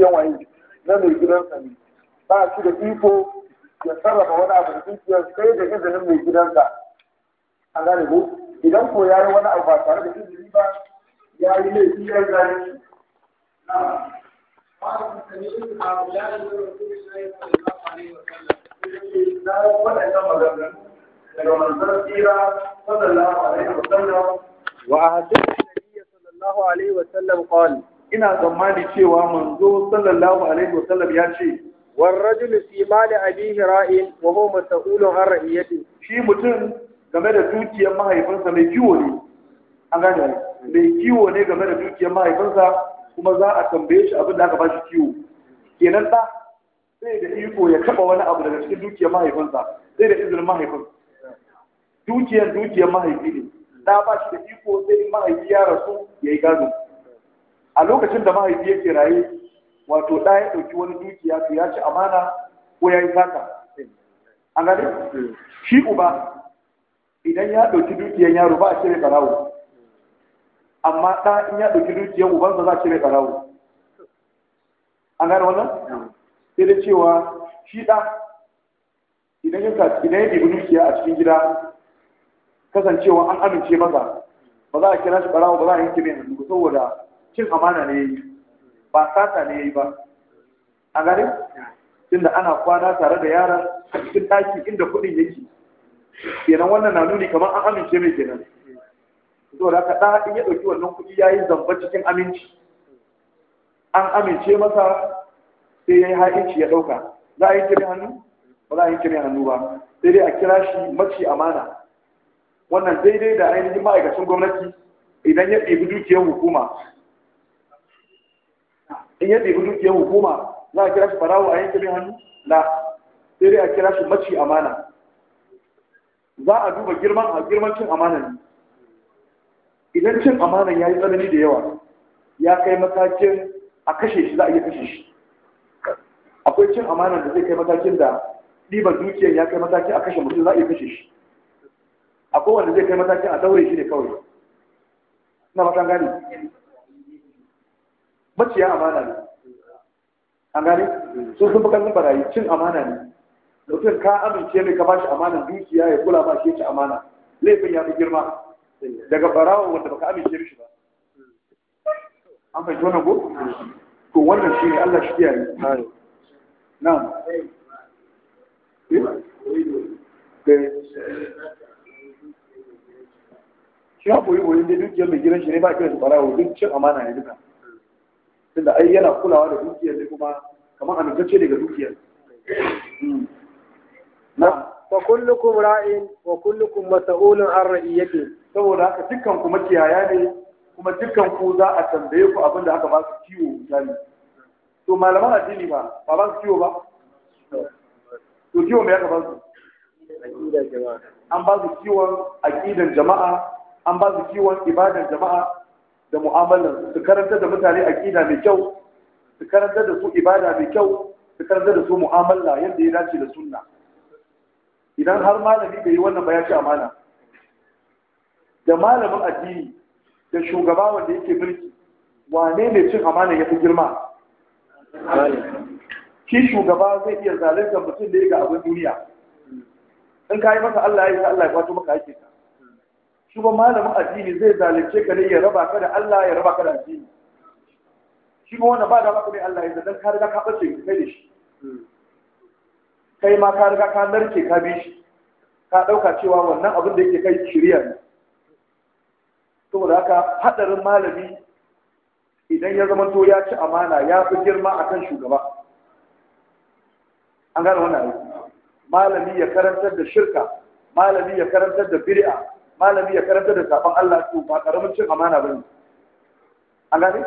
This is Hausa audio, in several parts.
dukiyar waye na mai gidansa ne ba shi da iko ya sarrafa wani abu da dukiyar sai da izinin mai gidansa an gane ko idan ko ya yi wani abu ba tare da izini ba ya yi laifi ya gane shi وأهدف النبي صلى الله عليه وسلم قال ina tsammani cewa manzo sallallahu alaihi wasallam ya ce rajul fi mali abihi ra'in wa huwa mas'ulun an ra'iyati shi mutum game da dukiyar mahaifinsa mai kiwo ne an gane mai kiwo ne game da dukiyar mahaifinsa kuma za a tambaye shi abin da aka bashi kiwo kenan da sai da iko ya kaba wani abu daga cikin dukiyar mahaifinsa sai da izinin mahaifin dukiyar dukiyar mahaifi ne da ba shi da iko sai mahaifi ya rasu ya yi gado a lokacin da mahaifi yake raye wato ɗa ya ɗauki wani dukiya to ya ci amana ko ya yi zaka an gani shi uba idan ya ɗauki dukiyan yaro ba a cire ɓarawo amma ɗa in ya ɗauki dukiyan ubansa za a cire ɓarawo an gani wannan sai da cewa shi ɗa idan ya idan ya ɗibi dukiya a cikin gida kasancewa an amince masa ba za a kira shi ɓarawo ba za a yanke mai hannu saboda cin amana ne yi, ba sata ne yi ba a gari Inda ana kwana tare da yara a cikin taki inda kuɗin yake kenan wannan na nuni kamar an amince mai kenan to da ka ɗaya in ya ɗauki wannan kuɗi ya yi zamba cikin aminci an amince masa sai ya yi ha'inci ya ɗauka za a yi kiri hannu ba za a yi kiri hannu ba sai dai a kira shi maci amana wannan daidai da ainihin ma'aikacin gwamnati idan ya ɗebi dukiyar hukuma in ya hudu dukiyar hukuma za a kira shi farawo a yanke mai hannu na sai dai a kira shi maci amana za a duba girman a girman cin amanan idan cin amanan ya yi tsanani da yawa ya kai matakin a kashe shi za a iya kashe shi akwai cin amanan da zai kai matakin da ɗiban dukiyar ya kai matakin a kashe mutum za a iya kashe shi akwai wanda zai kai matakin a daure shi ne kawai na matan gani maciya amana ne an gane sun sun fi karfin barayi cin amana ne mutum ka amince mai ka bashi amana dukiya ya kula ba shi ci amana laifin ya fi girma daga barawa wanda baka amince shi ba an fahimci wannan ko to wannan shi ne Allah shi kiyaye na eh? eh. shi ha boye boye ne dukiyar mai gidan shi ne ba kiran su barawa duk cin amana ne duka tunda ai yana kulawa da dukiyar ne kuma kamar amintacce daga dukiyar hmm. na wa kullukum ra'in wa kullukum mas'ulun an ra'iyati saboda haka dukkan ku makiyaya ne kuma dukkan ku za a tambaye ku abin da aka ba su kiwo misali to malaman addini ba ba ba su kiwo ba to kiwo me aka ba su an ba su kiwon aqidan jama'a an ba su kiwon ibadan jama'a da mu'amalar su karanta da mutane aqida mai kyau su karanta da su ibada mai kyau su karanta da su mu'amala yadda ya dace da sunna idan har malami bai yi wannan ba ya ci amana da malamin addini da shugaba wanda yake mulki wane ne cin amana ya fi girma shi shugaba zai iya zalunta mutum da ya ga abin duniya in ka yi masa Allah ya yi Allah ya kwato maka ta. shi ba malamin addini zai zalunce ka ne ya raba ka da Allah ya raba ka da addini shi ba wanda ba da maka ne Allah ya zan ka riga ka bace kai da shi kai ma ka riga ka narke ka bi shi ka dauka cewa wannan abin da yake kai shirya ne saboda haka hadarin malami idan ya zama to ya ci amana ya fi girma akan shugaba an gane wannan malami ya karantar da shirka malami ya karantar da biri'a. malami ya karanta da sabon Allah to ba karamin cin amana ba ne. an gane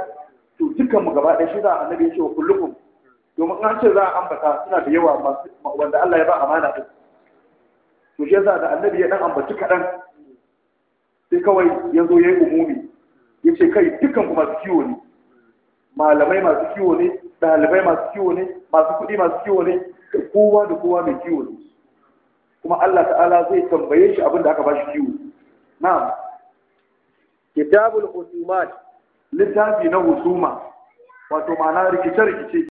to dukkan mu gaba ɗaya shi za a annabi ya ce wa kullukum domin an ce za a ambata suna da yawa masu wanda Allah ya ba amana ba. to shi yasa da annabi ya dan ambaci kaɗan sai kawai ya zo ya yi umumi ya ce kai dukkan ku masu kiwo ne malamai masu kiwo ne ɗalibai masu kiwo ne masu kuɗi masu kiwo ne kowa da kowa mai kiwo ne kuma Allah ta'ala zai tambaye shi abin da aka ba shi kiwo kitabul husumat littafi na husuma wato ma'ana rikice rikice